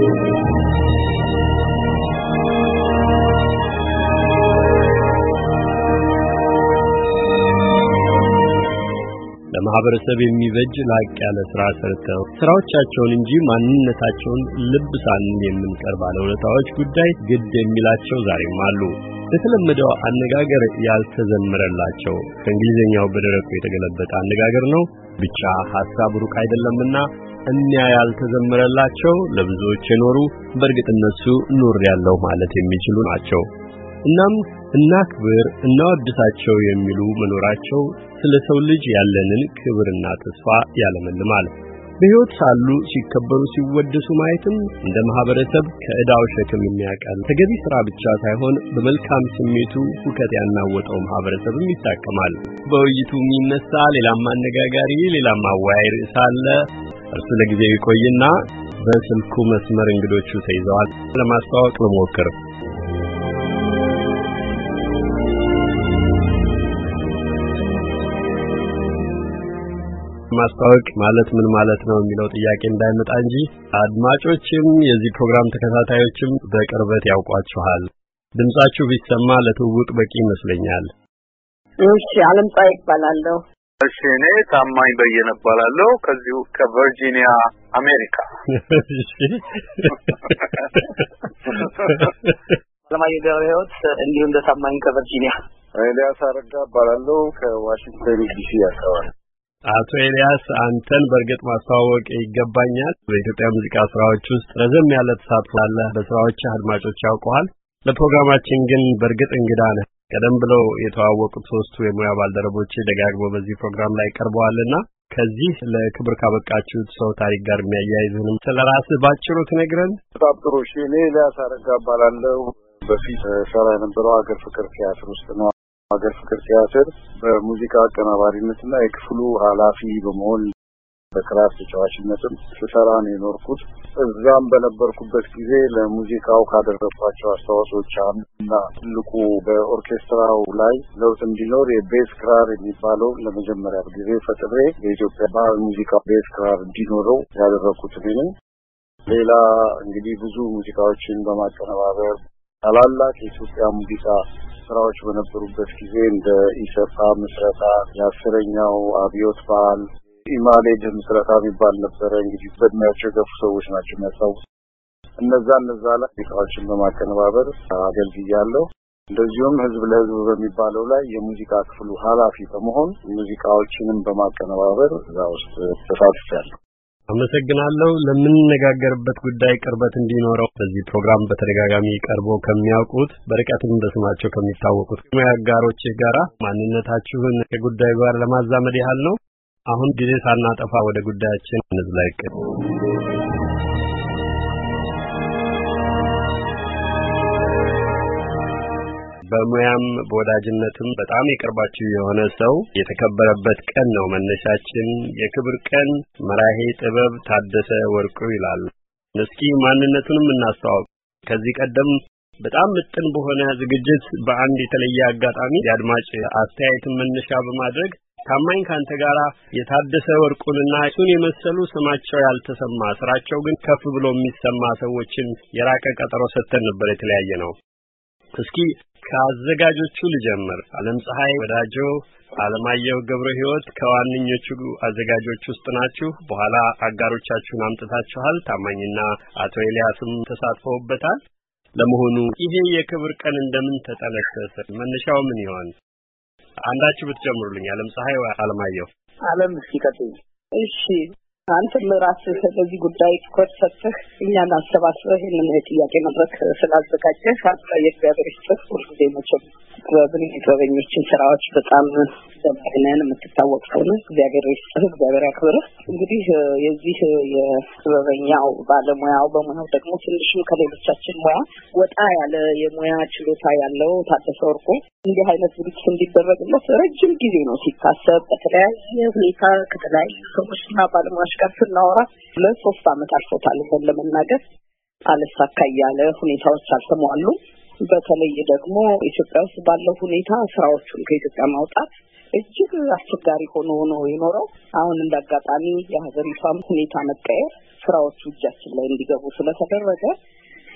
thank you ለማህበረሰብ የሚበጅ ላቅ ያለ ስራ ሰርተው ስራዎቻቸውን እንጂ ማንነታቸውን ልብ ሳንል የምንቀር ባለውለታዎች ጉዳይ ግድ የሚላቸው ዛሬም አሉ። በተለመደው አነጋገር ያልተዘመረላቸው ከእንግሊዝኛው በደረቁ የተገለበጠ አነጋገር ነው። ብቻ ሐሳብ ሩቅ አይደለምና እኒያ ያልተዘመረላቸው ለብዙዎች የኖሩ በእርግጥ እነሱ ኑር ያለው ማለት የሚችሉ ናቸው። እናም እናክብር፣ እናወድሳቸው የሚሉ መኖራቸው ስለ ሰው ልጅ ያለንን ክብርና ተስፋ ያለመልማል። በሕይወት ሳሉ ሲከበሩ ሲወደሱ ማየትም እንደ ማህበረሰብ ከዕዳው ሸክም የሚያቀል ተገቢ ሥራ ብቻ ሳይሆን በመልካም ስሜቱ ሁከት ያናወጠው ማህበረሰብም ይታከማል። በውይይቱ የሚነሳ ሌላም አነጋጋሪ ሌላም አወያይ ርዕስ አለ። እርሱ ለጊዜው ይቆይና በስልኩ መስመር እንግዶቹ ተይዘዋል። ለማስተዋወቅ ልሞክር። ማስተዋወቅ ማለት ምን ማለት ነው የሚለው ጥያቄ እንዳይመጣ እንጂ አድማጮችም የዚህ ፕሮግራም ተከታታዮችም በቅርበት ያውቋችኋል። ድምጻችሁ ቢሰማ ለትውውቅ በቂ ይመስለኛል። እሺ፣ ጻይ ይባላለሁ። እሺ፣ እኔ ታማኝ በየነ እባላለሁ ከዚሁ ከቨርጂኒያ አሜሪካ። እሺ አለማየሁ ገብረ ሕይወት እንዲሁ እንደ ታማኝ ከቨርጂኒያ። ኤልያስ አረጋ እባላለሁ ከዋሽንግተን ዲሲ አካባቢ አቶ ኤልያስ አንተን በእርግጥ ማስተዋወቅ ይገባኛል። በኢትዮጵያ ሙዚቃ ስራዎች ውስጥ ረዘም ያለ ተሳትፎ አለ። በስራዎች አድማጮች ያውቀዋል። ለፕሮግራማችን ግን በእርግጥ እንግዳ ነህ። ቀደም ብለው የተዋወቁት ሶስቱ የሙያ ባልደረቦች ደጋግሞ በዚህ ፕሮግራም ላይ ቀርበዋልና ከዚህ ለክብር ካበቃችሁት ሰው ታሪክ ጋር የሚያያይዝንም ስለ ራስህ ባጭሩ ትነግረን። በጣም ጥሩ። እሺ፣ እኔ ኤልያስ አረጋ እባላለሁ። በፊት ሰራ የነበረው ሀገር ፍቅር ቲያትር ውስጥ ነው። ሀገር ፍቅር ቲያትር በሙዚቃ አቀናባሪነትና የክፍሉ ኃላፊ በመሆን በክራር ተጫዋችነትም ስሰራ ነው የኖርኩት። እዚያም በነበርኩበት ጊዜ ለሙዚቃው ካደረግኳቸው አስተዋጽኦች አንዱና ትልቁ በኦርኬስትራው ላይ ለውጥ እንዲኖር የቤስ ክራር የሚባለው ለመጀመሪያ ጊዜ ፈጥሬ የኢትዮጵያ ባህል ሙዚቃ ቤስ ክራር እንዲኖረው ያደረግኩት እኔ። ሌላ እንግዲህ ብዙ ሙዚቃዎችን በማቀነባበር ታላላቅ የኢትዮጵያ ሙዚቃ ስራዎች በነበሩበት ጊዜ እንደ ኢሰፋ ምስረታ፣ የአስረኛው አብዮት በዓል፣ ኢማሌድ ምስረታ የሚባል ነበረ። እንግዲህ በእድሜያቸው የገፉ ሰዎች ናቸው የሚያስታውሱ። እነዛ እነዛ ላይ ሙዚቃዎችን በማቀነባበር አገልግያለሁ። እንደዚሁም ህዝብ ለህዝብ በሚባለው ላይ የሙዚቃ ክፍሉ ኃላፊ በመሆን ሙዚቃዎችንም በማቀነባበር እዛ ውስጥ ተሳትፌያለሁ። አመሰግናለሁ። ለምንነጋገርበት ጉዳይ ቅርበት እንዲኖረው በዚህ ፕሮግራም በተደጋጋሚ ቀርቦ ከሚያውቁት በርቀትም በስማቸው ከሚታወቁት ሙያ አጋሮች ጋራ ማንነታችሁን ከጉዳዩ ጋር ለማዛመድ ያህል ነው። አሁን ጊዜ ሳናጠፋ ወደ ጉዳያችን እንዝለቅ። በሙያም በወዳጅነትም በጣም የቅርባችሁ የሆነ ሰው የተከበረበት ቀን ነው መነሻችን። የክብር ቀን መራሄ ጥበብ ታደሰ ወርቁ ይላሉ። እስኪ ማንነቱንም እናስተዋውቅ። ከዚህ ቀደም በጣም ምጥን በሆነ ዝግጅት በአንድ የተለየ አጋጣሚ የአድማጭ አስተያየትን መነሻ በማድረግ ታማኝ ካንተ ጋራ የታደሰ ወርቁንና እሱን የመሰሉ ስማቸው ያልተሰማ ስራቸው ግን ከፍ ብሎ የሚሰማ ሰዎችን የራቀ ቀጠሮ ሰጥተን ነበር። የተለያየ ነው። እስኪ ከአዘጋጆቹ ልጀምር። አለም ፀሐይ ወዳጆ፣ አለማየሁ ገብረ ህይወት ከዋነኞቹ አዘጋጆች ውስጥ ናችሁ። በኋላ አጋሮቻችሁን አምጥታችኋል። ታማኝና አቶ ኤልያስም ተሳትፈውበታል። ለመሆኑ ይሄ የክብር ቀን እንደምን ተጠነሰሰ? መነሻው ምን ይሆን? አንዳችሁ ብትጀምሩልኝ። አለም ፀሐይ፣ አለማየሁ። አለም እስኪ ቀጥይ። እሺ አንተም ራስህ በዚህ ጉዳይ ትኩረት ሰጥተህ እኛን አሰባስበህ ይህንን የጥያቄ መድረክ ስላዘጋጀህ አቶ የእግዚአብሔር ይስጥህ። ሁልጊዜ መቼም ጥበብን የጥበበኞችን ስራዎች በጣም ደማግነን የምትታወቅ ሰውነ እግዚአብሔር ይስጥህ፣ እግዚአብሔር ያክብርህ። እንግዲህ የዚህ የጥበበኛው ባለሙያው በሙያው ደግሞ ትንሽም ከሌሎቻችን ሙያ ወጣ ያለ የሙያ ችሎታ ያለው ታደሰ ወርቁ እንዲህ አይነት ዝግጅት እንዲደረግለት ረጅም ጊዜ ነው ሲታሰብ። በተለያየ ሁኔታ ከተለያዩ ሰዎችና ባለሙያዎች ጋር ስናወራ ለሶስት አመት አልፎታል። ይሆን ለመናገር አልሳካ እያለ ሁኔታዎች አልተሟሉ በተለይ ደግሞ ኢትዮጵያ ውስጥ ባለው ሁኔታ ስራዎቹን ከኢትዮጵያ ማውጣት እጅግ አስቸጋሪ ሆኖ ሆኖ የኖረው። አሁን እንደ አጋጣሚ የሀገሪቷም ሁኔታ መቀየር ስራዎቹ እጃችን ላይ እንዲገቡ ስለተደረገ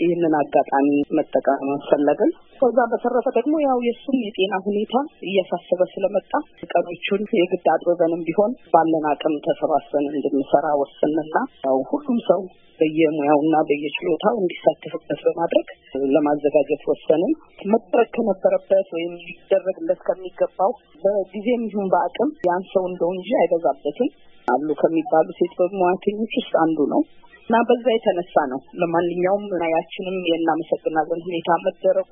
ይህንን አጋጣሚ መጠቀም ፈለግን። ከዛ በተረፈ ደግሞ ያው የእሱም የጤና ሁኔታ እያሳሰበ ስለመጣ ቀኖቹን የግድ አጥብበንም ቢሆን ባለን አቅም ተሰባስበን እንድንሰራ ወስንና ያው ሁሉም ሰው በየሙያውና በየችሎታው እንዲሳተፍበት በማድረግ ለማዘጋጀት ወሰንን። መደረግ ከነበረበት ወይም ሊደረግለት ከሚገባው በጊዜም ይሁን በአቅም ያን ሰው እንደው እንጂ አይበዛበትም አሉ ከሚባሉ ሴት በሙያተኞች ውስጥ አንዱ ነው። እና በዛ የተነሳ ነው ለማንኛውም ናያችንም የእናመሰግናለን ሁኔታ መደረጉ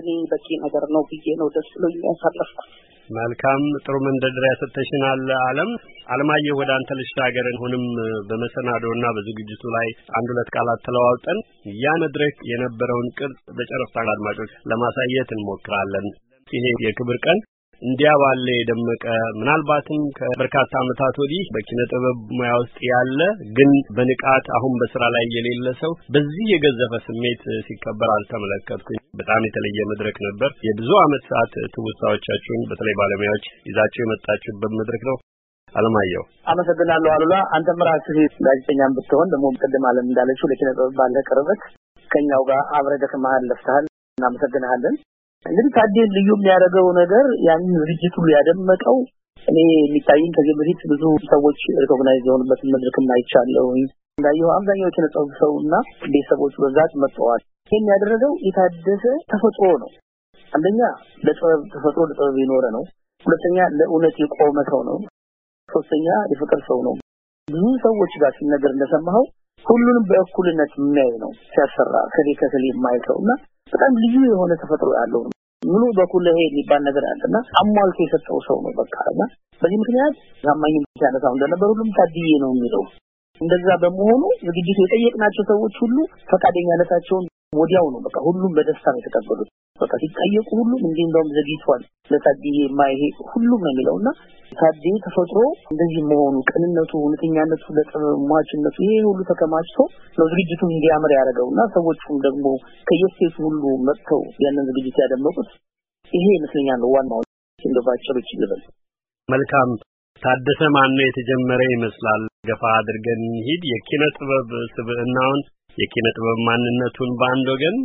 እኔ በቂ ነገር ነው ብዬ ነው ደስ ብሎ ያሳለፍኩት። መልካም ጥሩ መንደርደሪያ ሰጥተሽናል። አለም አለማየሁ ወደ አንተ ልሻገር። አሁንም በመሰናዶና በዝግጅቱ ላይ አንድ ሁለት ቃላት ተለዋውጠን ያ መድረክ የነበረውን ቅርጽ በጨረፍታ አድማጮች ለማሳየት እንሞክራለን። ይሄ የክብር ቀን እንዲያ ባለ የደመቀ ምናልባትም ከበርካታ ዓመታት ወዲህ በኪነ ጥበብ ሙያ ውስጥ ያለ ግን በንቃት አሁን በስራ ላይ የሌለ ሰው በዚህ የገዘፈ ስሜት ሲከበር አልተመለከትኩኝ። በጣም የተለየ መድረክ ነበር። የብዙ ዓመት ሰዓት ትውስታዎቻችሁን በተለይ ባለሙያዎች ይዛቸው የመጣችሁበት መድረክ ነው። አለማየሁ አመሰግናለሁ። አሉላ አንተም ራስህ ጋዜጠኛም ብትሆን ደግሞ ቅድም አለም እንዳለችው ለኪነ ጥበብ ባለ ቅርበት ከኛው ጋር አብረህ ደክመሃል፣ ለፍተሃል። እናመሰግንሃለን። እንግዲህ ታዴን ልዩ የሚያደርገው ነገር ያንን ዝግጅት ሁሉ ያደመቀው እኔ የሚታይኝ ከዚህ በፊት ብዙ ሰዎች ሪኮግናይዝ የሆኑበትን መድረክም አይቻለሁ። እንዳየሁ አብዛኛው የኪነ ሰው እና ቤተሰቦቹ በብዛት መጥተዋል። ይህን ያደረገው የታደሰ ተፈጥሮ ነው። አንደኛ ለጥበብ ተፈጥሮ ለጥበብ የኖረ ነው። ሁለተኛ ለእውነት የቆመ ሰው ነው። ሶስተኛ የፍቅር ሰው ነው። ብዙ ሰዎች ጋር ሲነገር እንደሰማኸው ሁሉንም በእኩልነት የሚያይ ነው ሲያሰራ ከሌ ከክል የማይተው እና በጣም ልዩ የሆነ ተፈጥሮ ያለው ነው። በኩል በኩለሄ የሚባል ነገር አለና አሟልቶ የሰጠው ሰው ነው በቃ እና በዚህ ምክንያት ታማኝ ሲያነሳው እንደነበር ሁሉም ታድዬ ነው የሚለው እንደዛ በመሆኑ ዝግጅቱ የጠየቅናቸው ሰዎች ሁሉ ፈቃደኛነታቸውን ወዲያው ነው በቃ ሁሉም በደስታ ነው የተቀበሉት። በቃ ሲጠየቁ ሁሉም እንዲህ እንደውም ዘግይቷል ለታዴ የማይሄ ሁሉም ነው የሚለው እና ታዴ ተፈጥሮ እንደዚህ መሆኑ ቅንነቱ፣ እውነተኛነቱ፣ ለጥማችነቱ ይሄ ሁሉ ተከማችቶ ነው ዝግጅቱ እንዲያምር ያደረገው እና ሰዎቹም ደግሞ ከየስቴቱ ሁሉ መጥተው ያንን ዝግጅት ያደመቁት ይሄ ይመስለኛል ነው ዋናው። እንደ ባጭሩ መልካም ታደሰ ማነው የተጀመረ ይመስላል። ገፋ አድርገን ሂድ የኪነ ጥበብ ስብዕናውን የኪነ ጥበብ ማንነቱን በአንድ ወገን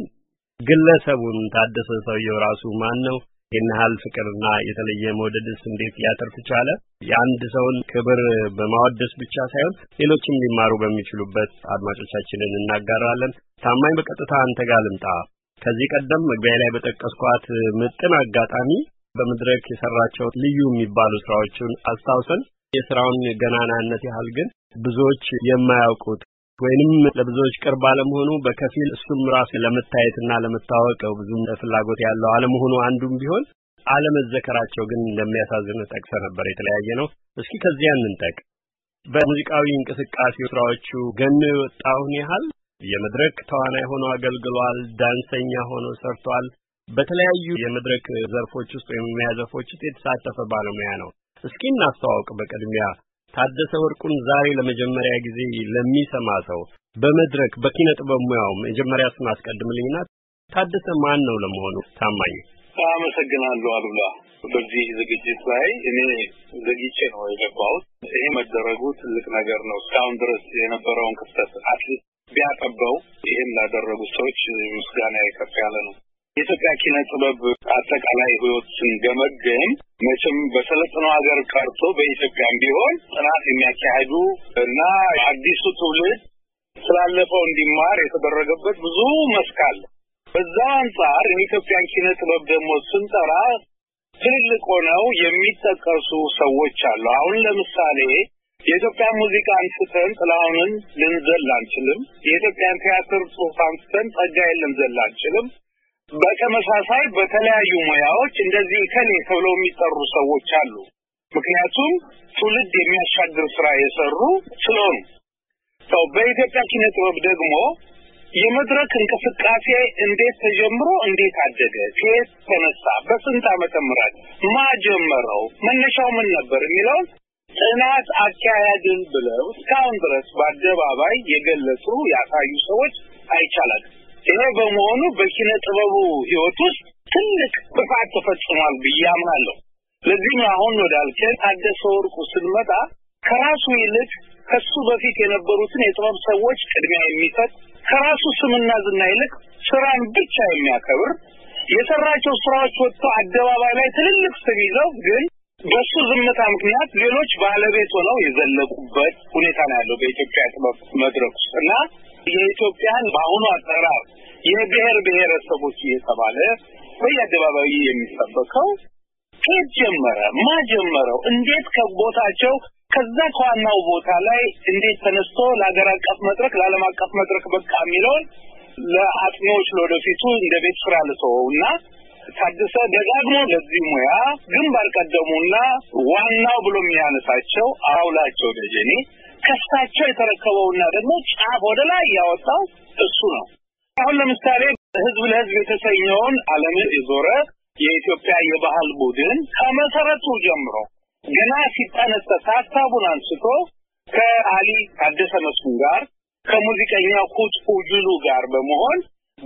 ግለሰቡን ታደሰ ሰውየው ራሱ ማን ነው? ይህን ያህል ፍቅርና የተለየ መውደድስ እንዴት ሊያተርፍ ቻለ? የአንድ ሰውን ክብር በማወደስ ብቻ ሳይሆን ሌሎችም ሊማሩ በሚችሉበት አድማጮቻችንን እናጋራለን። ታማኝ፣ በቀጥታ አንተ ጋር ልምጣ። ከዚህ ቀደም መግቢያ ላይ በጠቀስኳት ምጥን አጋጣሚ በመድረክ የሰራቸው ልዩ የሚባሉ ስራዎችን አስታውሰን የስራውን ገናናነት ያህል ግን ብዙዎች የማያውቁት ወይንም ለብዙዎች ቅርብ አለመሆኑ በከፊል እሱም ራሱ ለመታየትና ለመታወቅ ብዙም ፍላጎት ያለው አለመሆኑ አንዱም ቢሆን አለመዘከራቸው ግን እንደሚያሳዝን ጠቅሰ ነበር። የተለያየ ነው። እስኪ ከዚያ እንንጠቅ። በሙዚቃዊ እንቅስቃሴ ስራዎቹ ገን የወጣውን ያህል የመድረክ ተዋናይ ሆኖ አገልግሏል። ዳንሰኛ ሆኖ ሰርቷል። በተለያዩ የመድረክ ዘርፎች ውስጥ ወይም ሙያ ውስጥ የተሳተፈ ባለሙያ ነው። እስኪ እናስተዋውቅ በቅድሚያ ታደሰ ወርቁን ዛሬ ለመጀመሪያ ጊዜ ለሚሰማ ሰው በመድረክ በኪነ ጥበብ ሙያው መጀመሪያ ስም አስቀድምልኝና ታደሰ ማን ነው ለመሆኑ? ታማኝ አመሰግናለሁ አሉላ። በዚህ ዝግጅት ላይ እኔ ዘግቼ ነው የገባሁት። ይሄ መደረጉ ትልቅ ነገር ነው። እስካሁን ድረስ የነበረውን ክፍተት አትሊስት ቢያጠበው ይሄን ላደረጉ ሰዎች ምስጋና ከፍ ያለ ነው። የኢትዮጵያ ኪነ ጥበብ አጠቃላይ ህይወትን ስንገመግም መቼም በሰለጠነው ሀገር ቀርቶ በኢትዮጵያም ቢሆን ጥናት የሚያካሄዱ እና አዲሱ ትውልድ ስላለፈው እንዲማር የተደረገበት ብዙ መስክ አለ። በዛ አንጻር የኢትዮጵያን ኪነ ጥበብ ደግሞ ስንጠራ ትልልቅ ሆነው የሚጠቀሱ ሰዎች አሉ። አሁን ለምሳሌ የኢትዮጵያ ሙዚቃ አንስተን ጥላሁንን ልንዘል አንችልም። የኢትዮጵያን ቲያትር ጽሁፍ አንስተን ጸጋዬን ልንዘል አንችልም። በተመሳሳይ በተለያዩ ሙያዎች እንደዚህ ከኔ ተብለው የሚጠሩ ሰዎች አሉ። ምክንያቱም ትውልድ የሚያሻግር ስራ የሰሩ ስለሆኑ። ሰው በኢትዮጵያ ኪነ ጥበብ ደግሞ የመድረክ እንቅስቃሴ እንዴት ተጀምሮ እንዴት አደገ፣ ከየት ተነሳ፣ በስንት ዓመተ ምህረት ማጀመረው፣ መነሻው ምን ነበር የሚለውን ጥናት አካሄድን ብለው እስካሁን ድረስ በአደባባይ የገለጹ ያሳዩ ሰዎች አይቻላል። ይሄ በመሆኑ በኪነ ጥበቡ ህይወት ውስጥ ትልቅ ጥፋት ተፈጽሟል ብዬ አምናለሁ። ለዚህ ነው አሁን ወዳልከን ታደሰ ወርቁ ስንመጣ ከራሱ ይልቅ ከሱ በፊት የነበሩትን የጥበብ ሰዎች ቅድሚያ የሚሰጥ ከራሱ ስምና ዝና ይልቅ ስራን ብቻ የሚያከብር የሰራቸው ስራዎች ወጥቶ አደባባይ ላይ ትልልቅ ስም ይዘው ግን በሱ ዝምታ ምክንያት ሌሎች ባለቤት ሆነው የዘለቁበት ሁኔታ ነው ያለው በኢትዮጵያ ጥበብ መድረክ ውስጥ እና የኢትዮጵያን በአሁኑ አጠራር የብሔር ብሔረሰቦች እየተባለ በየአደባባዩ የሚሰበከው ከየት ጀመረ? ማ ጀመረው? እንዴት ከቦታቸው ከዛ ከዋናው ቦታ ላይ እንዴት ተነስቶ ለሀገር አቀፍ መድረክ ለዓለም አቀፍ መድረክ በቃ የሚለውን ለአጥኚዎች ለወደፊቱ እንደ ቤት ስራ ልተወው እና ታደሰ ደጋግሞ ለዚህ ሙያ ግንባር ቀደሙና ዋናው ብሎ የሚያነሳቸው አውላቸው ደጀኔ ከሳቸው የተረከበውና ደግሞ ጫፍ ወደ ላይ ያወጣው እሱ ነው። አሁን ለምሳሌ ህዝብ ለህዝብ የተሰኘውን አለም የዞረ የኢትዮጵያ የባህል ቡድን ከመሰረቱ ጀምሮ ገና ሲጠነሰስ ሀሳቡን አንስቶ ከአሊ ታደሰ መስፍን ጋር ከሙዚቀኛ ኩት ኡጁሉ ጋር በመሆን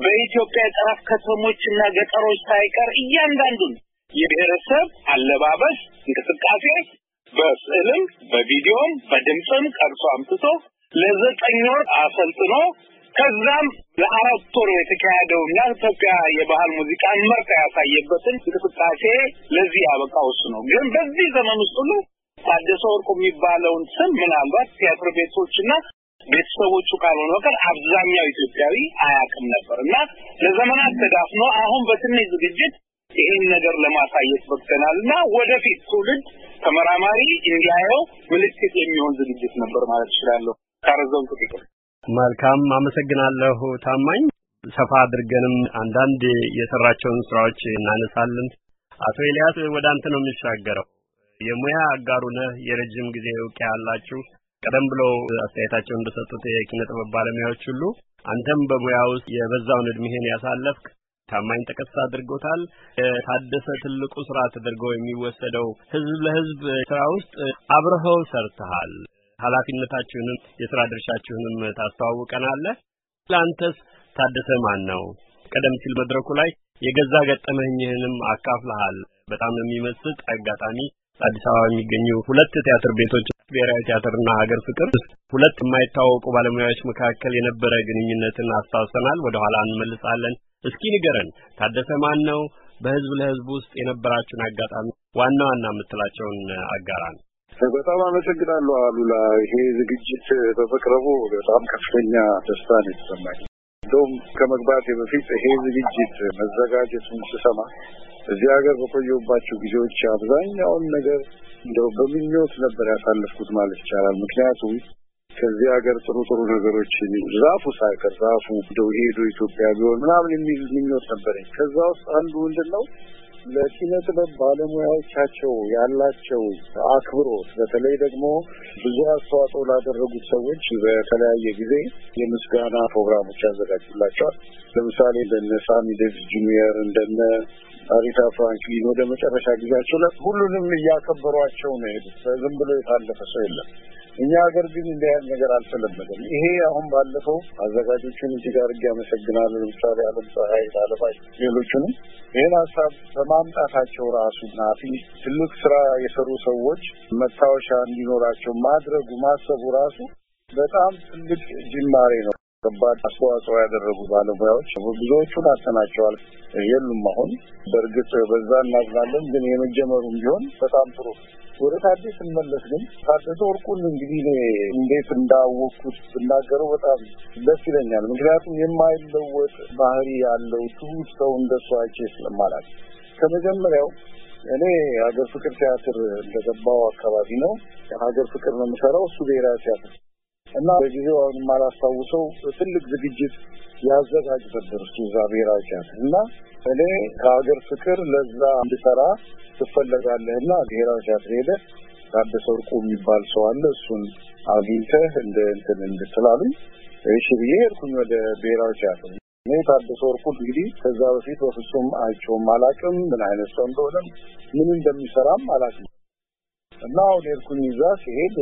በኢትዮጵያ የጠረፍ ከተሞችና ገጠሮች ሳይቀር እያንዳንዱን የብሔረሰብ አለባበስ፣ እንቅስቃሴ በስዕልም በቪዲዮም በድምፅም ቀርሶ አምጥቶ ለዘጠኝ ወር አሰልጥኖ ከዛም ለአራት ወር የተካሄደውና ኢትዮጵያ የባህል ሙዚቃን መርታ ያሳየበትን እንቅስቃሴ ለዚህ ያበቃው እሱ ነው። ግን በዚህ ዘመን ውስጥ ሁሉ ታደሰ ወርቁ የሚባለውን ስም ምናልባት ቲያትር ቤቶችና ቤተሰቦቹ ካልሆነ በቀር አብዛኛው ኢትዮጵያዊ አያውቅም ነበር እና ለዘመናት ተዳፍኖ አሁን በትንሽ ዝግጅት ይህን ነገር ለማሳየት በቅተናል እና ወደፊት ትውልድ ተመራማሪ እንዲያየው ምልክት የሚሆን ዝግጅት ነበር ማለት እችላለሁ። ካረዘውን ጥቂቅል መልካም አመሰግናለሁ ታማኝ። ሰፋ አድርገንም አንዳንድ የሰራቸውን ስራዎች እናነሳለን። አቶ ኤልያስ ወደ አንተ ነው የሚሻገረው። የሙያ አጋሩ ነህ፣ የረጅም ጊዜ እውቅያ ያላችሁ ቀደም ብሎ አስተያየታቸውን በሰጡት የኪነ ጥበብ ባለሙያዎች ሁሉ አንተም በሙያ ውስጥ የበዛውን እድሜህን ያሳለፍክ ታማኝ ጠቀስ አድርጎታል። የታደሰ ትልቁ ስራ ተደርጎ የሚወሰደው ህዝብ ለህዝብ ስራ ውስጥ አብረኸው ሰርተሃል። ኃላፊነታችሁንም የስራ ድርሻችሁንም ታስተዋውቀናለህ። ለአንተስ ታደሰ ማን ነው? ቀደም ሲል መድረኩ ላይ የገዛ ገጠመኝህንም አካፍልሃል። በጣም የሚመስጥ አጋጣሚ አዲስ አበባ የሚገኙ ሁለት ቲያትር ቤቶች ብሔራዊ ቲያትርና ሀገር ፍቅር ሁለት የማይታወቁ ባለሙያዎች መካከል የነበረ ግንኙነትን አስታውሰናል። ኋላ እንመልሳለን። እስኪ ንገረን፣ ታደሰ ማን ነው? በህዝብ ለህዝብ ውስጥ የነበራችሁን አጋጣሚ ዋና ዋና የምትላቸውን አጋራን። በጣም አመሰግናለሁ አሉላ። ይሄ ዝግጅት በመቅረቡ በጣም ከፍተኛ ደስታ ነው የተሰማኝ። እንደውም ከመግባቴ በፊት ይሄ ዝግጅት መዘጋጀቱን ስሰማ እዚህ ሀገር በቆየሁባቸው ጊዜዎች አብዛኛውን ነገር እንደው በምኞት ነበር ያሳለፍኩት ማለት ይቻላል። ምክንያቱም ከዚህ ሀገር ጥሩ ጥሩ ነገሮች ዛፉ ሳይቀር ዛፉ እንደው ሄዶ ኢትዮጵያ ቢሆን ምናምን የሚል ምኞት ነበረኝ። ከዛ ውስጥ አንዱ ምንድን ነው ለኪነ ጥበብ ባለሙያዎቻቸው ያላቸው አክብሮት፣ በተለይ ደግሞ ብዙ አስተዋጽኦ ላደረጉት ሰዎች በተለያየ ጊዜ የምስጋና ፕሮግራሞች ያዘጋጁላቸዋል። ለምሳሌ እንደነ ሳሚ ዴቪስ ጁኒየር እንደነ ታሪክ ፍራንች ወደ መጨረሻ ጊዜያቸው ላይ ሁሉንም እያከበሯቸው ነው የሄዱት። ዝም ብሎ የታለፈ ሰው የለም። እኛ ሀገር ግን እንዲህ ያህል ነገር አልተለመደም። ይሄ አሁን ባለፈው አዘጋጆቹን እጅግ አድርጌ አመሰግናለሁ። ለምሳሌ አለም ፀሐይ አለባይ፣ ሌሎቹንም ይህን ሀሳብ በማምጣታቸው ራሱ ራሱና ትልቅ ስራ የሰሩ ሰዎች መታወሻ እንዲኖራቸው ማድረጉ ማሰቡ ራሱ በጣም ትልቅ ጅማሬ ነው። ከባድ አስተዋጽኦ ያደረጉ ባለሙያዎች ብዙዎቹን አሰናቸዋል። የሉም። አሁን በእርግጥ በዛ እናዝናለን፣ ግን የመጀመሩም ቢሆን በጣም ጥሩ ወደ ታዴ ስንመለስ ግን ታደሰ ወርቁን እንግዲህ እንዴት እንዳወቅኩት ብናገረው በጣም ደስ ይለኛል። ምክንያቱም የማይለወጥ ባህሪ ያለው ትሁት ሰው እንደሱ አይቼ ስለማላት ከመጀመሪያው እኔ ሀገር ፍቅር ቲያትር እንደገባው አካባቢ ነው። ሀገር ፍቅር ነው የምሰራው እሱ ብሔራዊ ቲያትር እና በጊዜው አሁን የማላስታውሰው ትልቅ ዝግጅት ያዘጋጅ ነበር እሱ ብሔራዊ ቲያትር እና እኔ ከሀገር ፍቅር ለዛ እንድሰራ ትፈለጋለህ እና ብሔራዊ ቲያትር ሄደ ታደሰ ወርቁ የሚባል ሰው አለ እሱን አግኝተህ እንደ እንትን እንድትላሉኝ እሺ ብዬ ሄድኩኝ ወደ ብሔራዊ ቲያትር። እኔ ታደሰ ወርቁ እንግዲህ ከዛ በፊት በፍጹም አይቼውም አላቅም ምን አይነት ሰው እንደሆነም ምን እንደሚሰራም አላቅም እና አሁን ሄድኩኝ እዛ ሲሄድ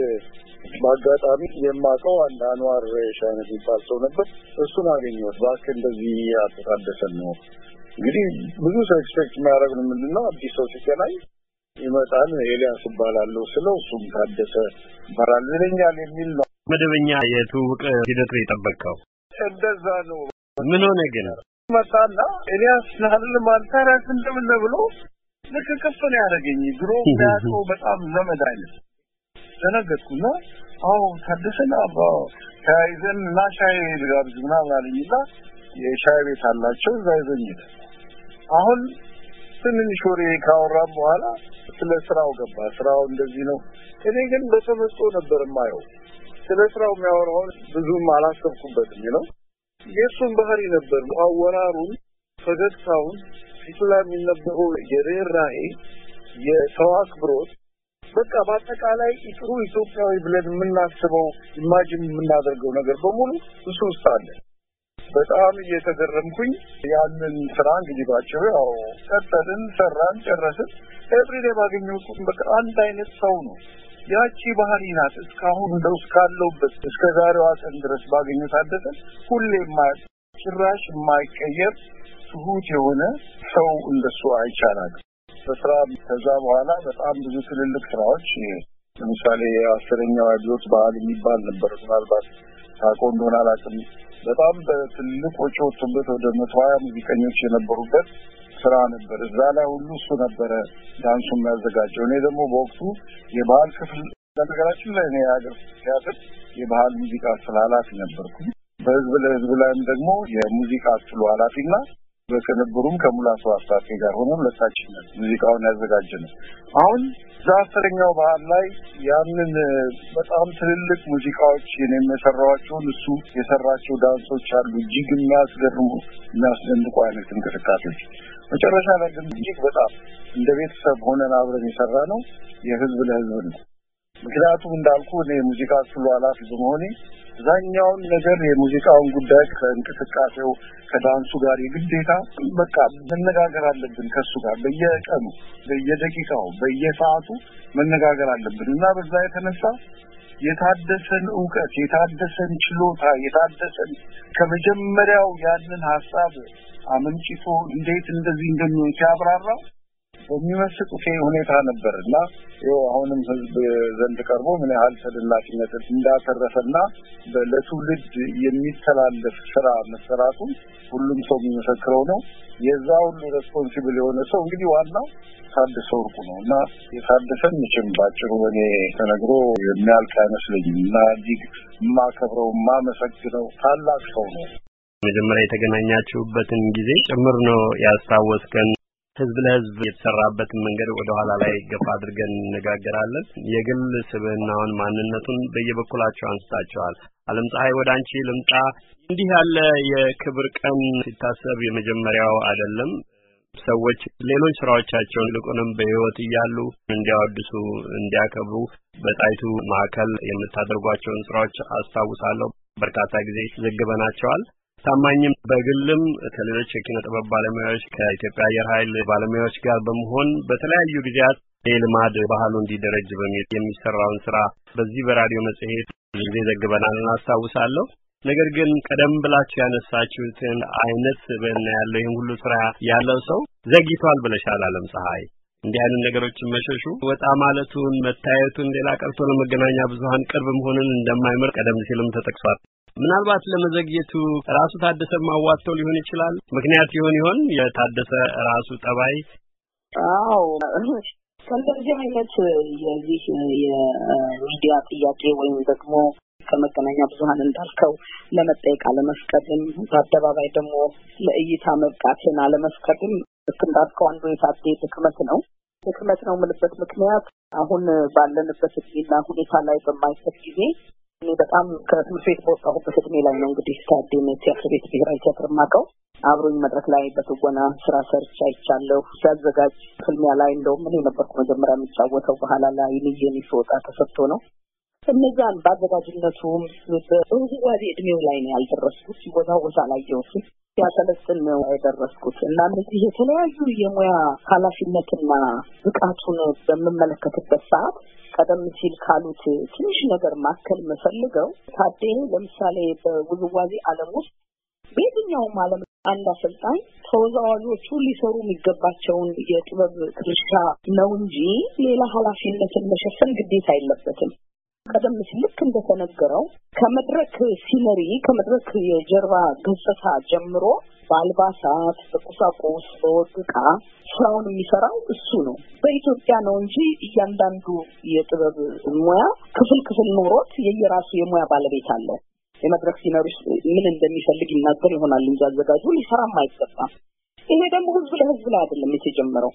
በአጋጣሚ የማውቀው አንድ አንዋር ሻ አይነት የሚባል ሰው ነበር። እሱን አገኘሁት። እባክህ እንደዚህ አልተታደሰን ነው እንግዲህ ብዙ ሰው ኤክስፔክት የሚያደርግ ነው። ምንድን ነው አዲስ ሰው ሲገናኝ ይመጣል። ኤልያስ እባላለሁ ስለው እሱም ታደሰ ይባላል ይለኛል የሚል ነው። መደበኛ የትውውቅ ሂደት ነው የጠበቀው። እንደዛ ነው። ምን ሆነ ግን መጣና ኤልያስ አይደለም አንተ ራስ እንደምን ብሎ ልክ ከፍ ነው ያደረገኝ። ድሮ ያቀው በጣም ዘመድ አይነት ደነገጥኩና አዎ ታደሰን አባ ተያይዘን እና ሻይ ልጋብዝ ምናምን አለኝና የሻይ ቤት አላቸው እዛ ይዘኝ ሄደ። አሁን ትንንሽ ወሬ ካወራ በኋላ ስለ ስራው ገባ። ስራው እንደዚህ ነው። እኔ ግን በተመስጦ ነበር የማየው። ስለ ስራው የሚያወራውን ብዙም አላሰብኩበትም ነው የእሱን ባህሪ ነበር አወራሩን፣ ፈገግታውን፣ ፊቱ ላይ የሚነበረው የርኅራኄ የሰው አክብሮት በቃ በአጠቃላይ ጥሩ ኢትዮጵያዊ ብለን የምናስበው ኢማጅን የምናደርገው ነገር በሙሉ እሱ ውስጥ አለ። በጣም እየተገረምኩኝ ያንን ስራ እንግዲህ ባጭሩ ያው ቀጠልን፣ ሰራን፣ ጨረስን። ኤብሪዴ ባገኘው ቁጥር በቃ አንድ አይነት ሰው ነው። ያቺ ባህሪ ናት እስካሁን እንደው እስካለሁበት እስከ ዛሬዋ ቀን ድረስ ባገኙት ታደሰ ሁሌ ጭራሽ የማይቀየር ትሁት የሆነ ሰው እንደሱ አይቻላል። ስራ ከዛ በኋላ በጣም ብዙ ትልልቅ ስራዎች ለምሳሌ አስረኛው አብዮት በዓል የሚባል ነበር። ምናልባት ታቆ እንደሆነ አላውቅም። በጣም በትልቅ ወጪ ወጥቶበት ወደ መቶ ሀያ ሙዚቀኞች የነበሩበት ስራ ነበር። እዛ ላይ ሁሉ እሱ ነበረ ዳንሱ የሚያዘጋጀው። እኔ ደግሞ በወቅቱ የባህል ክፍል ለነገራችን ላይ እኔ የሀገር ቲያትር የባህል ሙዚቃ ክፍል ኃላፊ ነበርኩ። በህዝብ ለህዝብ ላይም ደግሞ የሙዚቃ ክፍሉ ኃላፊና በቅንብሩም ሰው አስታጥቄ ጋር ሆነን ለሳችን ሙዚቃውን ነው። አሁን አስረኛው ባህል ላይ ያንን በጣም ትልልቅ ሙዚቃዎች እኔም የሰራኋቸውን እሱ የሰራቸው ዳንሶች አሉ። እጅግ የሚያስገርሙ የሚያስደንቁ አይነት እንቅስቃሴዎች መጨረሻ ላይ ግን እጅግ በጣም እንደ ቤተሰብ ሆነን አብረን የሰራ ነው የህዝብ ለህዝብ ነው። ምክንያቱም እንዳልኩ እኔ ሙዚቃ ስሉ ኃላፊ በመሆኔ አብዛኛውን ነገር የሙዚቃውን ጉዳይ ከእንቅስቃሴው ከዳንሱ ጋር የግዴታ በቃ መነጋገር አለብን ከሱ ጋር በየቀኑ በየደቂቃው በየሰዓቱ መነጋገር አለብን እና በዛ የተነሳ የታደሰን እውቀት የታደሰን ችሎታ የታደሰን ከመጀመሪያው ያንን ሀሳብ አመንጭቶ እንዴት እንደዚህ እንደሚሆን ሲያብራራ በሚመስጥ ሁኔታ ነበር እና ይኸው አሁንም ህዝብ ዘንድ ቀርቦ ምን ያህል ተደላቂነት እንዳተረፈና ለትውልድ የሚተላለፍ ስራ መሰራቱ ሁሉም ሰው የሚመሰክረው ነው። የዛ ሁሉ ሬስፖንሲብል የሆነ ሰው እንግዲህ ዋናው ታደሰ ወርቁ ነው እና የታደሰን መቼም ባጭሩ እኔ ተነግሮ የሚያልቅ አይመስለኝም እና እጅግ የማከብረው የማመሰግነው ታላቅ ሰው ነው። መጀመሪያ የተገናኛችሁበትን ጊዜ ጭምር ነው ያስታወስከን። ህዝብ ለህዝብ የተሰራበትን መንገድ ወደ ኋላ ላይ ገፋ አድርገን እንነጋገራለን። የግል ስብህናውን ማንነቱን በየበኩላቸው አንስታቸዋል። አለም ፀሐይ ወደ አንቺ ልምጣ። እንዲህ ያለ የክብር ቀን ሲታሰብ የመጀመሪያው አይደለም። ሰዎች ሌሎች ስራዎቻቸውን ይልቁንም በህይወት እያሉ እንዲያወድሱ፣ እንዲያከብሩ በጣይቱ ማዕከል የምታደርጓቸውን ስራዎች አስታውሳለሁ። በርካታ ጊዜ ዘግበናቸዋል። ታማኝም በግልም ከሌሎች የኪነ ጥበብ ባለሙያዎች ከኢትዮጵያ አየር ኃይል ባለሙያዎች ጋር በመሆን በተለያዩ ጊዜያት የልማድ ባህሉ እንዲደረጅ በሚል የሚሰራውን ስራ በዚህ በራዲዮ መጽሔት ብዙ ጊዜ ዘግበናል እናስታውሳለሁ። ነገር ግን ቀደም ብላችሁ ያነሳችሁትን አይነት በና ያለው ይህን ሁሉ ስራ ያለው ሰው ዘግይቷል ብለሻል አለም ፀሐይ። እንዲህ አይነት ነገሮችን መሸሹ ወጣ ማለቱን መታየቱን ሌላ ቀርቶ ለመገናኛ ብዙሀን ቅርብ መሆንን እንደማይመር ቀደም ሲልም ተጠቅሷል። ምናልባት ለመዘግየቱ ራሱ ታደሰ ማዋጥቶ ሊሆን ይችላል ምክንያት ይሆን ይሆን የታደሰ ራሱ ጠባይ? አዎ ከእንደዚህ አይነት የዚህ የሚዲያ ጥያቄ ወይም ደግሞ ከመገናኛ ብዙሃን እንዳልከው ለመጠየቅ አለመፍቀድም በአደባባይ ደግሞ ለእይታ መብቃትን አለመፍቀድም ልክ እንዳልከው አንዱ የታዴ ድክመት ነው። ድክመት ነው ምልበት ምክንያት አሁን ባለንበት እድሜና ሁኔታ ላይ በማይሰጥ ጊዜ እኔ በጣም ከትምህርት ቤት በወጣሁበት እድሜ ላይ ነው እንግዲህ ታዴም ቲያትር ቤት ብሔራዊ ቲያትር ማቀው አብሮኝ መድረክ ላይ በትወና ስራ ሰርች አይቻለሁ። ሲያዘጋጅ ፍልሚያ ላይ እንደውም እኔ ነበርኩ መጀመሪያ የሚጫወተው። በኋላ ላይ ልየኔ ሚስወጣ ተሰጥቶ ነው እነዛን በአዘጋጅነቱም በጥሩ እድሜው ላይ ነው ያልደረስኩት ቦታ ቦታ ላይ ነው የደረስኩት እና እነዚህ የተለያዩ የሙያ ኃላፊነትና ብቃቱን በምመለከትበት ሰዓት ቀደም ሲል ካሉት ትንሽ ነገር ማከል የምፈልገው ታዴ ለምሳሌ በውዝዋዜ ዓለም ውስጥ በየትኛውም ዓለም አንድ አሰልጣኝ ተወዛዋዦቹ ሊሰሩ የሚገባቸውን የጥበብ ድርሻ ነው እንጂ ሌላ ኃላፊነትን መሸፈን ግዴታ አይለበትም። ቀደም ሲል ልክ እንደተነገረው ከመድረክ ሲነሪ ከመድረክ የጀርባ ገጽታ ጀምሮ በአልባሳት፣ በቁሳቁስ፣ በወርቅ እቃ ስራውን የሚሰራው እሱ ነው። በኢትዮጵያ ነው እንጂ እያንዳንዱ የጥበብ ሙያ ክፍል ክፍል ኖሮት የየራሱ የሙያ ባለቤት አለው። የመድረክ ሲነሪ ምን እንደሚፈልግ ይናገር ይሆናል እንጂ አዘጋጁ ሊሰራም አይገባም። ይሄ ደግሞ ህዝብ ለህዝብ ላይ አይደለም የተጀመረው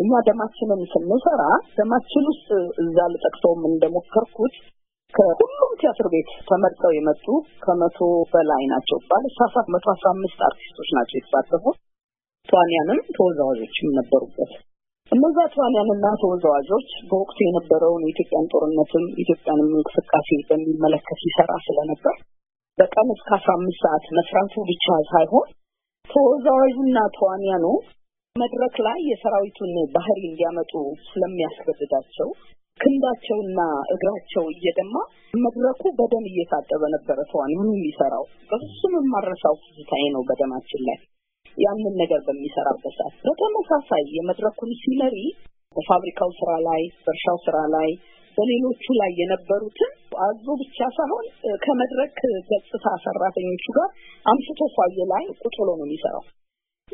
እኛ ደማችንን ስንሰራ ደማችን ውስጥ እዛ ልጠቅሰውም እንደሞከርኩት ከሁሉም ቲያትር ቤት ተመርጠው የመጡ ከመቶ በላይ ናቸው። ሳሳት መቶ አስራ አምስት አርቲስቶች ናቸው የተሳተፉት። ተዋንያንም ተወዛዋዦችም ነበሩበት። እነዛ ተዋንያንና ተወዛዋዦች በወቅቱ የነበረውን የኢትዮጵያን ጦርነትም ኢትዮጵያንም እንቅስቃሴ በሚመለከት ይሰራ ስለነበር በቀን እስከ አስራ አምስት ሰዓት መስራቱ ብቻ ሳይሆን ተወዛዋዡና ተዋንያኑ መድረክ ላይ የሰራዊቱን ባህሪ እንዲያመጡ ስለሚያስገድዳቸው ክንዳቸውና እግራቸው እየደማ መድረኩ በደም እየታጠበ ነበረ ተዋናኑ የሚሰራው። በሱም የማረሳው ትዝታዬ ነው በደማችን ላይ ያንን ነገር በሚሰራበት ሰዓት። በተመሳሳይ የመድረኩን ሲነሪ በፋብሪካው ስራ ላይ፣ በእርሻው ስራ ላይ፣ በሌሎቹ ላይ የነበሩትን አዞ ብቻ ሳይሆን ከመድረክ ገጽታ ሰራተኞቹ ጋር አምስቶ ፋየ ላይ ቁጭ ብሎ ነው የሚሰራው።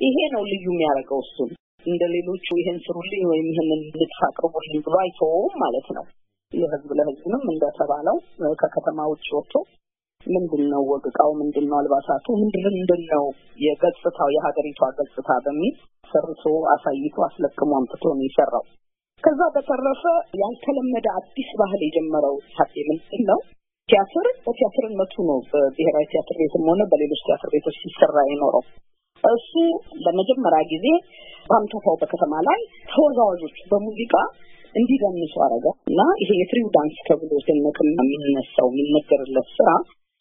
ይሄ ነው ልዩ የሚያደርገው። እሱን እንደ ሌሎቹ ይሄን ስሩልኝ ወይም ይህንን ልጥፍ አቅርቡልኝ ብሎ አይተወውም ማለት ነው። የህዝብ ለህዝብንም እንደተባለው ከከተማ ውጭ ወጥቶ ምንድን ነው ወግ ምንድን ነው አልባሳቱ፣ ምንድን ነው የገጽታው የሀገሪቷ ገጽታ በሚል ሰርቶ አሳይቶ አስለቅሞ አምጥቶ ነው የሰራው። ከዛ በተረፈ ያልተለመደ አዲስ ባህል የጀመረው ሳቴ ምንድን ነው ቲያትር በቲያትርነቱ ነው። በብሔራዊ ቲያትር ቤትም ሆነ በሌሎች ቲያትር ቤቶች ሲሰራ የኖረው እሱ ለመጀመሪያ ጊዜ ባምቶፋው በከተማ ላይ ተወዛዋዦች በሙዚቃ እንዲደንሱ አረገ እና ይሄ የትሪው ዳንስ ተብሎ ሲነቅና የሚነሳው የሚነገርለት ስራ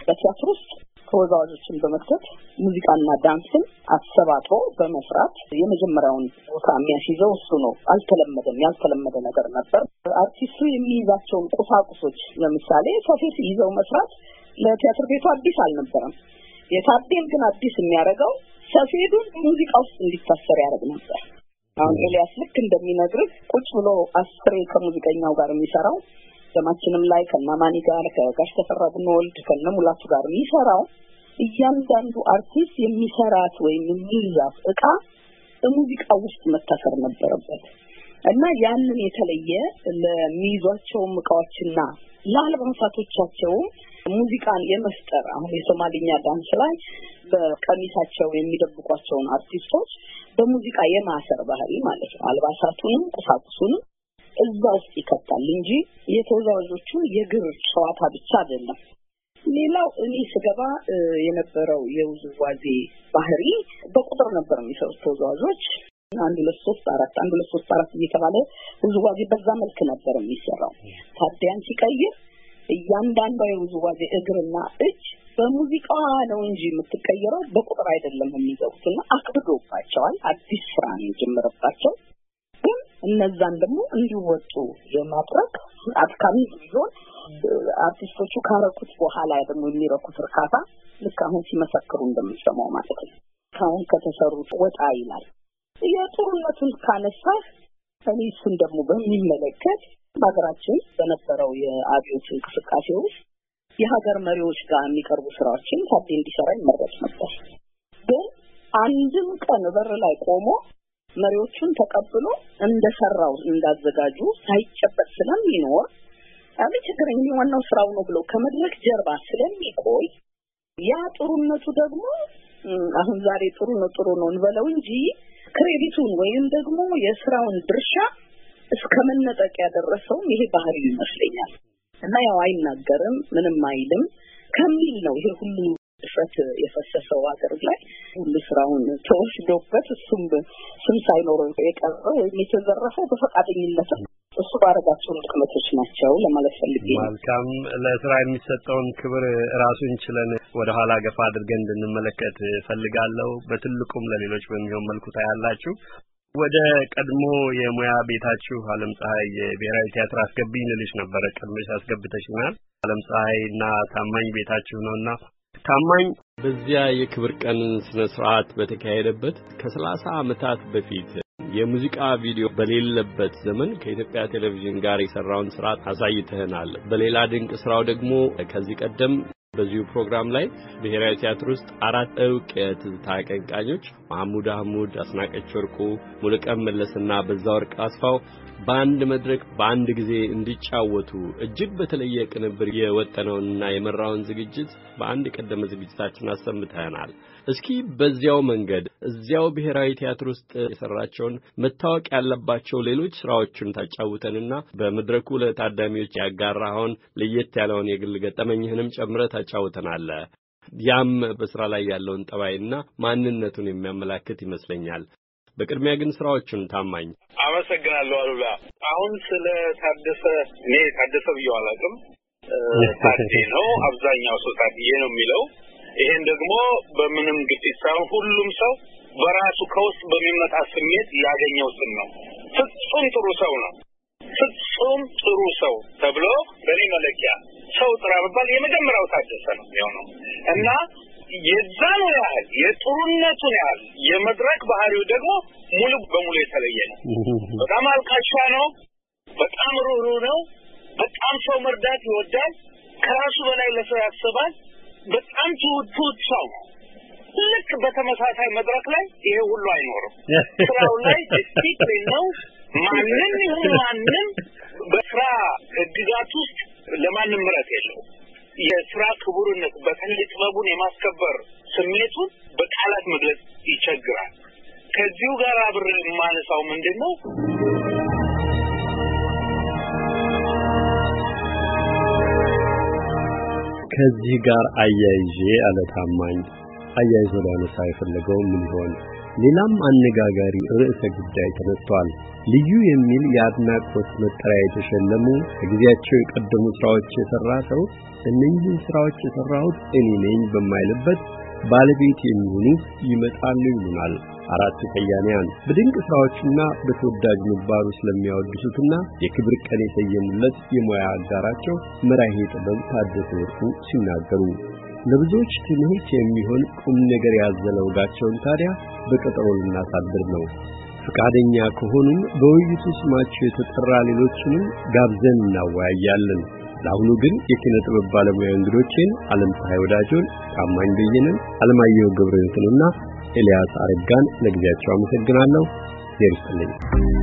በቲያትር ውስጥ ተወዛዋዦችን በመክተት ሙዚቃና ዳንስን አሰባጥሮ በመስራት የመጀመሪያውን ቦታ የሚያስይዘው እሱ ነው። አልተለመደም፣ ያልተለመደ ነገር ነበር። አርቲስቱ የሚይዛቸውን ቁሳቁሶች ለምሳሌ ሶፌት ይዘው መስራት ለቲያትር ቤቱ አዲስ አልነበረም። የታቤን ግን አዲስ የሚያደርገው ሰፌዱን ሙዚቃ ውስጥ እንዲታሰር ያደርግ ነበር። አሁን ኤልያስ ልክ እንደሚነግርህ ቁጭ ብሎ አስሬ ከሙዚቀኛው ጋር የሚሰራው ዘማችንም ላይ ከናማኒ ጋር ከጋሽ ተፈራ ብንወልድ ከነሙላቱ ጋር የሚሰራው እያንዳንዱ አርቲስት የሚሰራት ወይም የሚይዛት እቃ በሙዚቃ ውስጥ መታሰር ነበረበት እና ያንን የተለየ ለሚይዟቸውም እቃዎችና ለአልባሳቶቻቸውም ሙዚቃን የመፍጠር አሁን የሶማሊኛ ዳንስ ላይ በቀሚሳቸው የሚደብቋቸውን አርቲስቶች በሙዚቃ የማሰር ባህሪ ማለት ነው። አልባሳቱንም ቁሳቁሱንም እዛ ውስጥ ይከታል እንጂ የተወዛዋዦቹ የእግር ጨዋታ ብቻ አይደለም። ሌላው እኔ ስገባ የነበረው የውዝዋዜ ባህሪ በቁጥር ነበር የሚሰሩት ተወዛዋዦች። አንድ ሁለት ሶስት አራት አንድ ሁለት ሶስት አራት እየተባለ ውዝዋዜ በዛ መልክ ነበር የሚሰራው። ታዲያን ሲቀይር እያንዳንዷ የውዝዋዜ እግርና እጅ በሙዚቃዋ ነው እንጂ የምትቀየረው በቁጥር አይደለም የሚገቡትና አክብዶባቸዋል። አዲስ ስራ ነው የጀመረባቸው። ግን እነዛን ደግሞ እንዲወጡ የማድረግ አድካሚ ቢሆን አርቲስቶቹ ካረኩት በኋላ ደግሞ የሚረኩት እርካታ ልክ አሁን ሲመሰክሩ እንደምንሰማው ማለት ነው። ከአሁን ከተሰሩት ወጣ ይላል። የጥሩነቱን ካነሳ እኔ እሱን ደግሞ በሚመለከት ሀገራችን በነበረው የአብዮት እንቅስቃሴ ውስጥ የሀገር መሪዎች ጋር የሚቀርቡ ስራዎችን ታዲ እንዲሰራ ይመረጥ ነበር። ግን አንድም ቀን በር ላይ ቆሞ መሪዎቹን ተቀብሎ እንደሰራው እንዳዘጋጁ ሳይጨበጥ ስለሚኖር አሚ ችግረኝ ዋናው ስራው ነው ብሎ ከመድረክ ጀርባ ስለሚቆይ ያ ጥሩነቱ ደግሞ አሁን ዛሬ ጥሩ ነው ጥሩ ነው እንበለው እንጂ ክሬዲቱን ወይም ደግሞ የስራውን ድርሻ እስከ መነጠቅ ያደረሰውም ይሄ ባህሪ ይመስለኛል። እና ያው አይናገርም፣ ምንም አይልም ከሚል ነው ይሄ ሁሉ ድፍረት የፈሰሰው ሀገር ላይ ሁሉ ስራውን ተወስዶበት እሱም ስም ሳይኖረው የቀረው ወይም የተዘረፈው በፈቃደኝነት እሱ ባረጋቸው ድክመቶች ናቸው ለማለት ፈልጌ። መልካም ለስራ የሚሰጠውን ክብር ራሱን ችለን ወደ ኋላ ገፋ አድርገን እንድንመለከት ፈልጋለሁ። በትልቁም ለሌሎች በሚሆን መልኩ ታያላችሁ። ወደ ቀድሞ የሙያ ቤታችሁ አለም ፀሐይ የብሔራዊ ቲያትር አስገብኝ ልልሽ ነበረ። ቀድመሽ አስገብተሽናል። አለም ፀሐይ እና ታማኝ ቤታችሁ ነውና ታማኝ በዚያ የክብር ቀን ስነ ስርዓት በተካሄደበት ከሰላሳ አመታት በፊት የሙዚቃ ቪዲዮ በሌለበት ዘመን ከኢትዮጵያ ቴሌቪዥን ጋር የሰራውን ስራ አሳይተህናል። በሌላ ድንቅ ስራው ደግሞ ከዚህ ቀደም በዚሁ ፕሮግራም ላይ ብሔራዊ ቲያትር ውስጥ አራት እውቅ የትዝታ አቀንቃኞች አህሙድ፣ አስናቀች ወርቁ፣ ሙሉቀን መለስና በዛ ወርቅ አስፋው በአንድ መድረክ በአንድ ጊዜ እንዲጫወቱ እጅግ በተለየ ቅንብር የወጠነውንና የመራውን ዝግጅት በአንድ ቀደመ ዝግጅታችን አሰምተናል። እስኪ በዚያው መንገድ እዚያው ብሔራዊ ቲያትር ውስጥ የሰራቸውን መታወቅ ያለባቸው ሌሎች ስራዎቹን ታጫውተንና በመድረኩ ለታዳሚዎች ያጋራኸውን ለየት ያለውን የግል ገጠመኝህንም ጨምረ ታጫውተናለ። ያም በስራ ላይ ያለውን ጠባይና ማንነቱን የሚያመላክት ይመስለኛል። በቅድሚያ ግን ስራዎቹን ታማኝ አመሰግናለሁ። አሉላ አሁን ስለ ታደሰ እኔ ታደሰ ብዬ አላውቅም። ታዴ ነው አብዛኛው ሰው ታድዬ ነው የሚለው። ይሄን ደግሞ በምንም ግፊት ሳይሆን ሁሉም ሰው በራሱ ከውስጥ በሚመጣ ስሜት ያገኘው ስም ነው። ፍጹም ጥሩ ሰው ነው። ፍጹም ጥሩ ሰው ተብሎ በእኔ መለኪያ ሰው ጥራ ብባል የመጀመሪያው ታደሰ ነው የሚሆነው እና የዛኑ ያህል የጥሩነቱን ያህል የመድረክ ባህሪው ደግሞ ሙሉ በሙሉ የተለየ ነው። በጣም አልቃሿ ነው። በጣም ሩሩ ነው። በጣም ሰው መርዳት ይወዳል። ከራሱ በላይ ለሰው ያስባል። በጣም ትሁት ትሁት ሰው ልክ በተመሳሳይ መድረክ ላይ ይሄ ሁሉ አይኖርም። ስራው ላይ ዲሲፕሊን ነው። ማንም ይሁን ማንም በስራ ህግጋት ውስጥ ለማንም ምረት የለውም። የስራ ክቡርነት በተለይ ጥበቡን የማስከበር ስሜቱን በቃላት መግለጽ ይቸግራል። ከዚሁ ጋር አብር የማነሳው ምንድን ነው ከዚህ ጋር አያይዤ አለታማኝ አያይዞ ላነሳ የፈለገው ምን ይሆን? ሌላም አነጋጋሪ ርዕሰ ጉዳይ ተነስቷል። ልዩ የሚል የአድናቆት መጠሪያ የተሸለሙ ከጊዜያቸው የቀደሙ ስራዎች የሰራ ሰው እነኚህን ስራዎች የሰራሁት እኔ ነኝ በማይልበት ባለቤት የሚሆኑ ይመጣሉ ይሉናል አራት ከያንያን በድንቅ ስራዎችና በተወዳጅ ምግባሩ ስለሚያወድሱትና የክብር ቀን የሰየሙለት የሙያ አጋራቸው መራሄ ጥበብ ታደሰ ወርቁ ሲናገሩ ለብዙዎች ትምህርት የሚሆን ቁም ነገር ያዘለ ወጋቸውን ታዲያ በቀጠሮ ልናሳድር ነው። ፈቃደኛ ከሆኑም በውይይቱ ስማቸው የተጠራ ሌሎችንም ጋብዘን እናወያያለን። ለአሁኑ ግን የኪነ ጥበብ ባለሙያ እንግዶቼን ዓለም ፀሐይ ወዳጆን፣ ታማኝ በየነን፣ አለማየሁ ገብረህይወትንና ኤልያስ አረጋን ለጊዜያቸው አመሰግናለሁ። ዜር